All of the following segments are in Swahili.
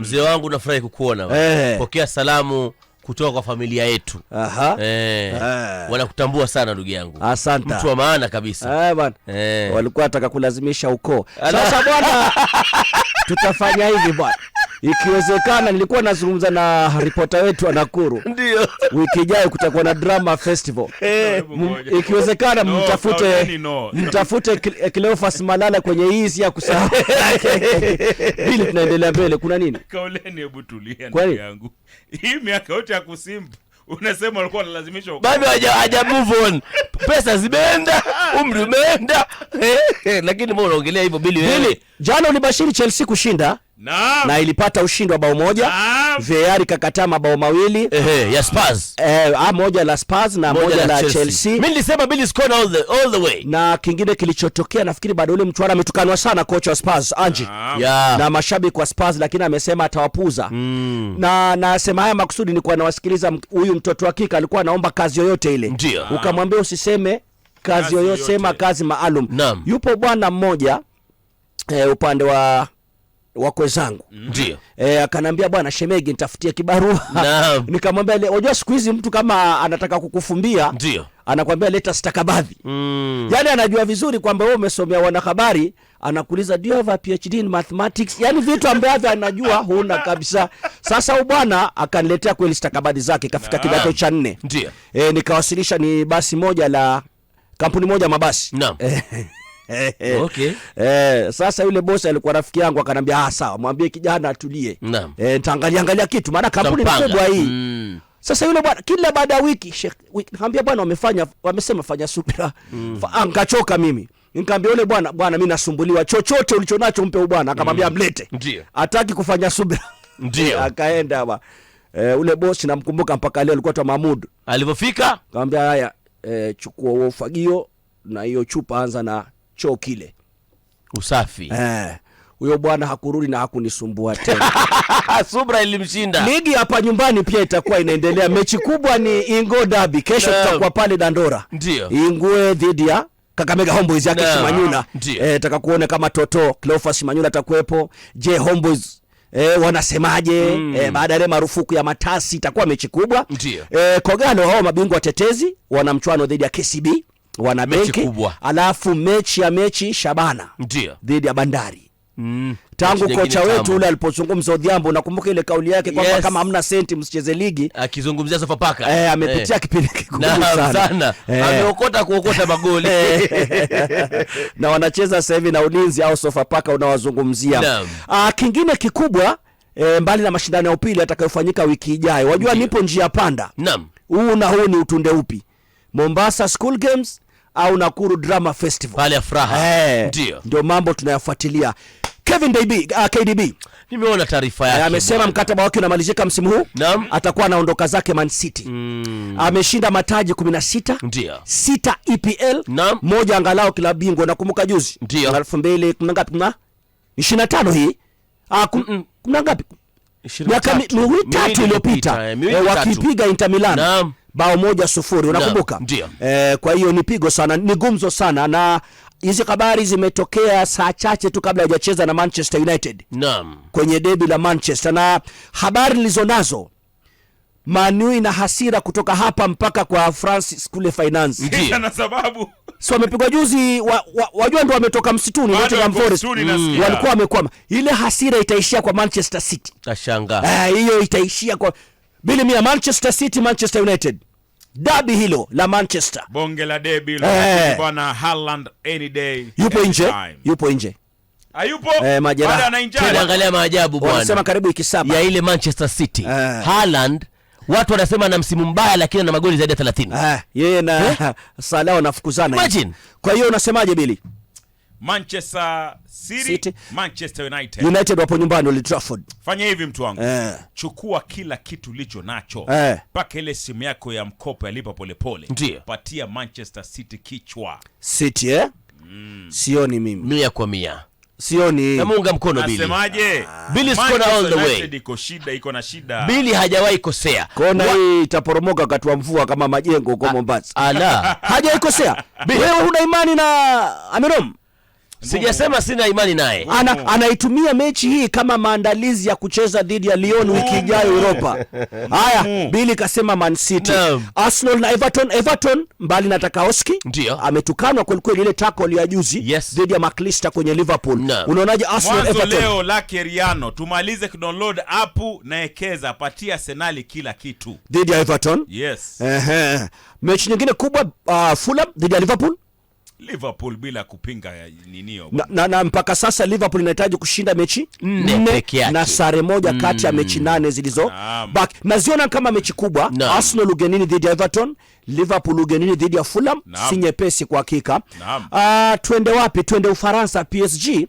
mzee wangu, nafurahi kukuona. Hey. Eh. salamu kutoka kwa familia yetu. Aha. E, wanakutambua sana ndugu yangu, mtu wa maana kabisa E, walikuwa wataka kulazimisha ukoo sasa bwana tutafanya hivi bwana Ikiwezekana nilikuwa nazungumza na ripota wetu wa Nakuru. Ndio. Wiki ijayo kutakuwa na drama festival. Eh, ikiwezekana mtafute mtafute Cleophas Malala kwenye hizi ya kusahau. Bili tunaendelea mbele kuna nini? Kauleni, hebu tulia ndugu yangu. Hii miaka yote ya kusimba unasema walikuwa wanalazimishwa bado haja move on, pesa zimeenda, umri umeenda, eh, lakini mbona unaongelea hivyo Bili wewe? Bili? Jana ulibashiri Chelsea kushinda na, na ilipata ushindi wa bao moja. VAR ikakataa mabao mawili Ehe, ya Spurs eh, a ah, moja la Spurs na moja, moja la Chelsea. Mimi nilisema Bill is gone all the all the way. Na kingine kilichotokea nafikiri bado ule mtu ametukanwa sana kocha wa Spurs Ange yeah. na mashabiki wa Spurs, lakini amesema atawapuza mm. na nasema haya makusudi ni kwa nawasikiliza, huyu mtoto wa kike alikuwa anaomba kazi yoyote ile, ukamwambia usiseme kazi yoyote, sema kazi maalum. Yupo bwana mmoja eh, upande wa wakwe zangu ndio eh, akanambia bwana shemegi, nitafutie kibarua. Nikamwambia unajua, siku hizi mtu kama anataka kukufumbia ndio anakwambia leta stakabadhi mm. Yani anajua vizuri kwamba wewe umesomea wanahabari, anakuuliza do you have a PhD in mathematics, yani vitu ambavyo anajua huna kabisa. Sasa huyu bwana akaniletea kweli stakabadhi zake, kafika kidato cha nne ndio eh, nikawasilisha ni basi moja la kampuni moja mabasi naam Eh, okay. Eh, sasa yule bosi alikuwa rafiki yangu akanambia, ah, sawa mwambie kijana atulie. Naam. Eh, nitaangalia angalia kitu maana kampuni ni kubwa hii. Mm. Sasa yule bwana kila baada ya wiki wiki nikamwambia bwana, wamefanya wamesema fanya subira. Mm. Ah, nikachoka mimi. Nikamwambia yule bwana, bwana mimi nasumbuliwa. Chochote ulichonacho mpe bwana. Akamwambia mm. mlete. Ndio. Hataki kufanya subira. Ndio. Akaenda ba e, eh, ule bosi namkumbuka mpaka leo alikuwa tu Mahmud. Alipofika, akamwambia haya, e, chukua ufagio na hiyo chupa anza na choo kile usafi eh. Huyo bwana hakurudi na hakunisumbua tena. Subra ilimshinda. Ligi hapa nyumbani pia itakuwa inaendelea. Mechi kubwa ni Ingo Dabi kesho, tutakuwa pale Dandora, ndio Ingwe dhidi ya Kakamega homboys yake no. Shimanyula. Eh, taka kuona kama Toto Cleophas Shimanyula atakuwepo. Je, homboys E, eh, wanasemaje? mm. e, baada ya marufuku ya matasi itakuwa mechi kubwa. e, kogano hao mabingwa watetezi wana mchwano dhidi ya KCB wana benki, alafu mechi ya mechi Shabana dhidi ya Bandari mm. Tangu kocha wetu ule alipozungumza Odhiambo, nakumbuka ile kauli yake kwamba yes, kama hamna senti msicheze ligi, akizungumzia Sofapaka eh, eh, amepitia eh, kipindi kigumu sana, sana. Eh, ameokota kuokota magoli na wanacheza sasa hivi na Ulinzi au Sofapaka unawazungumzia. Ah, kingine kikubwa E, mbali na mashindano ya upili atakayofanyika wiki ijayo, wajua nipo njia panda. Naam. Huu na huu ni utunde upi? Mombasa School Games au Nakuru Drama Festival. Pale ya furaha. Eh, ndio. Ndio mambo tunayafuatilia. Kevin DB, uh, ah, KDB. Nimeona taarifa yake. Amesema mkataba wake unamalizika msimu huu. Naam. Atakuwa anaondoka zake Man City. Mm. Ameshinda mataji 16. Ndio. 6 EPL. Naam. Moja angalau kila bingwa nakumbuka juzi. Ndio. 2000 ah, kuna ngapi kuna? 25 hii. Ah, kuna ngapi? Miaka miwili tatu iliyopita. Eh, eh, wakipiga Inter Milan. Naam bao moja sufuri, unakumbuka? eh, kwa hiyo ni pigo sana, ni gumzo sana na hizi habari zimetokea saa chache tu kabla hajacheza na Manchester United. Naam. Kwenye debi la Manchester na habari nazo Manu ina hasira kutoka hapa mpaka kwa Francis kule finance. Ndiyo. Na sababu so wamepigwa juzi wa, wa, wajua ndo wametoka msituni Nottingham Forest mm. walikuwa wamekwama. Ile hasira itaishia kwa Manchester City. Tashangaa. Eh, hiyo itaishia kwa mbili mia Manchester City Manchester United dabi hilo la Manchester, bonge la debi eh, bwana Haaland any day yupo nje, yupo nje Hayupo. Ah, eh, angalia maajabu bwana. Wanasema karibu wiki saba ya ile Manchester City. Eh. Haaland watu wanasema na msimu mbaya lakini ana magoli zaidi ya 30. Eh, yeye na eh? Salah wanafukuzana. Imagine. Kwa hiyo unasemaje Bili? Manchester City, City. Manchester United. United wapo nyumbani Old Trafford. Fanya hivi mtu wangu eh. Chukua kila kitu ulicho nacho mpaka eh, ile simu yako ya mkopo yalipa polepole, patia Manchester City kichwa City, eh? Mm. Sioni mimi mia kwa mia sioni. Namuunga mkono Billy. Nasemaje? Ah. Billy score all the way. Iko shida, iko na shida. Billy hajawahi kosea. Kona hii itaporomoka wakati wa mvua kama majengo huko Mombasa. Ala, hajawahi kosea. Wewe huna imani na Amirom? Sijasema sina imani naye. Ana, anaitumia mechi hii kama maandalizi ya kucheza dhidi ya Lyon wiki ijayo Europa. Haya, mm. Bili kasema Man City. Arsenal na Everton. Everton mbali na Tarkowski ametukanwa kwelikweli kweli, ile tackle ya juzi yes, dhidi ya McAllister kwenye Liverpool. Unaonaje Arsenal Everton? Leo la Keriano tumalize kudownload app na ekeza patia Arsenal kila kitu. Dhidi ya Everton? Yes. Ehe. Mechi nyingine kubwa uh, Fulham dhidi ya Liverpool. Liverpool bila kupinga ninio na, na, na mpaka sasa Liverpool inahitaji kushinda mechi mm. nne na sare moja mm. kati ya mechi nane zilizo baki. Naziona kama mechi kubwa na. Arsenal ugenini dhidi ya Everton, Liverpool ugenini dhidi ya Fulham na. Si nyepesi kwa hakika. Uh, twende wapi? Twende Ufaransa. PSG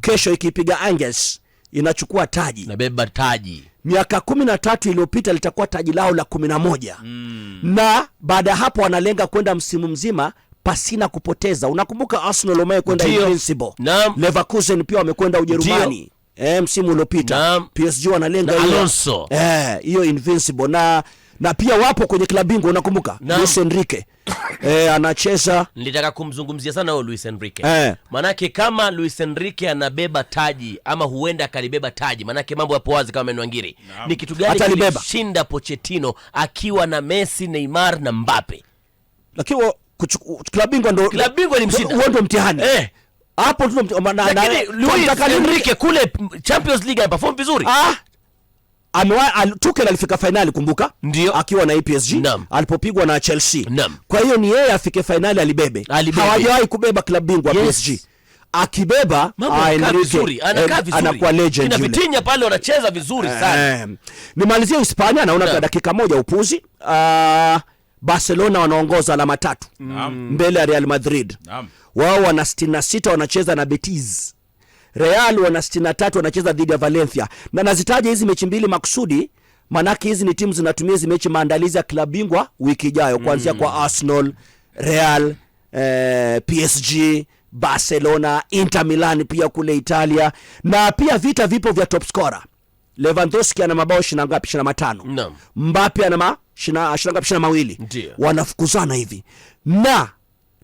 kesho ikipiga Angers inachukua taji, nabeba taji. Miaka kumi na tatu iliyopita litakuwa taji lao la kumi na moja mm. na baada ya hapo wanalenga kwenda msimu mzima pasina kupoteza. Unakumbuka Arsenal kwenda invincible, naam. Leverkusen pia wamekwenda Ujerumani eh, msimu uliopita. PSG wanalenga hiyo eh, hiyo invincible na na pia wapo kwenye klabu bingwa, unakumbuka Luis Enrique e, anacheza. Nilitaka kumzungumzia sana huyo Luis Enrique e. Manake kama Luis Enrique anabeba taji ama huenda akalibeba taji, manake mambo yapo wazi kama menwangiri, ni kitu gani kilishinda Pochettino akiwa na Messi, Neymar na Mbappe lakini klabu bingwa ndo klabu bingwa ilimshinda, huo ndo mtihani eh hapo tu. Enrique kule Champions League ameperform vizuri ah Tuchel alifika fainali kumbuka, ndio akiwa na e PSG alipopigwa na Chelsea. Naam. Kwa hiyo ni yeye afike fainali alibebe, alibebe. Hawajawahi kubeba klabu bingwa yes. PSG akibeba eh, anakuwa legend yule. Vitinha pale wanacheza vizuri sana. Eh, eh. Nimalizie Hispania, naona dakika moja upuzi uh, Barcelona wanaongoza alama tatu mm. mbele ya Real Madrid mm. wao wana 66 wanacheza na Betis. Real wana 63 wanacheza dhidi ya Valencia, na nazitaja hizi mechi mbili makusudi manake hizi ni timu zinatumia hizi mechi maandalizi ya klab bingwa wiki ijayo kuanzia mm. kwa Arsenal, Real, eh, PSG, Barcelona, Inter Milan pia kule Italia, na pia vita vipo vya top scorer Lewandowski ana mabao ishirini ngapi? Ishirini matano. Naam. Mbappe ana ma ishirini ngapi? Ishirini mawili. Ndio. Wanafukuzana hivi. Na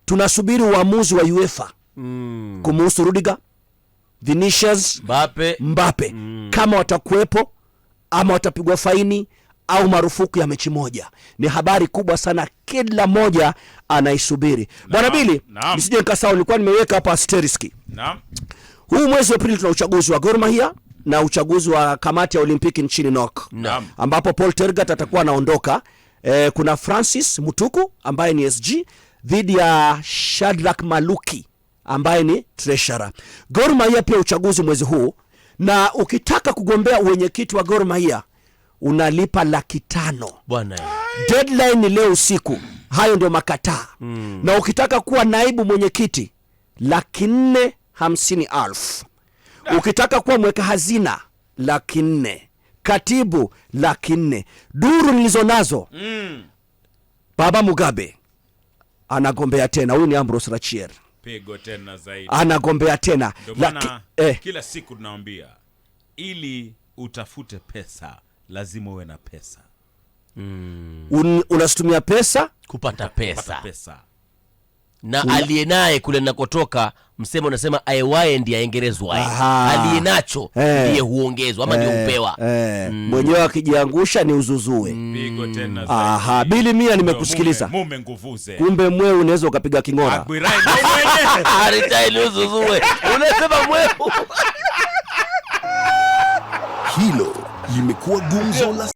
tunasubiri uamuzi wa UEFA mm. kumuhusu Rudiger, Vinicius, Mbappe, Mbappe. Mm. kama watakuwepo ama watapigwa faini au marufuku ya mechi moja. Ni habari kubwa sana, kila moja anaisubiri. Bwana Bili, nisije nikasahau, nilikuwa nimeweka hapa asteriski. Naam. Huu mwezi wa Aprili tuna uchaguzi wa gormahia na uchaguzi wa kamati ya Olimpiki nchini NOK ambapo Paul Tergat atakuwa anaondoka. E, kuna Francis Mutuku ambaye ni SG dhidi ya Shadrack Maluki ambaye ni treasurer. Gor Mahia pia uchaguzi mwezi huu, na ukitaka kugombea uwenyekiti wa Gor Mahia unalipa laki tano. Bwana, deadline ni leo usiku. Hayo ndio makataa mm. na ukitaka kuwa naibu mwenyekiti laki nne hamsini alfu Ah. Ukitaka kuwa mweka hazina laki nne, katibu laki nne. Duru nilizo nazo mm. Baba Mugabe anagombea tena, huyu ni ambros Rachier, pigo tena zaidi, anagombea tena laki, eh. Kila siku tunawambia ili utafute pesa lazima uwe na pesa mm. Un, unasitumia pesa kupata pesa, kupata pesa na aliye naye kule nakotoka, msemo unasema aewae ndi aengerezwaye, aliye nacho eh. ndiye huongezwa ama ndiye eh, hupewa. Eh. Mm. Mwenyewe akijiangusha ni uzuzue. Mm. Aha, bili mia, nimekusikiliza. Kumbe mweu unaweza ukapiga king'ora, uzuzue unasema mweu. Hilo limekuwa gumzo la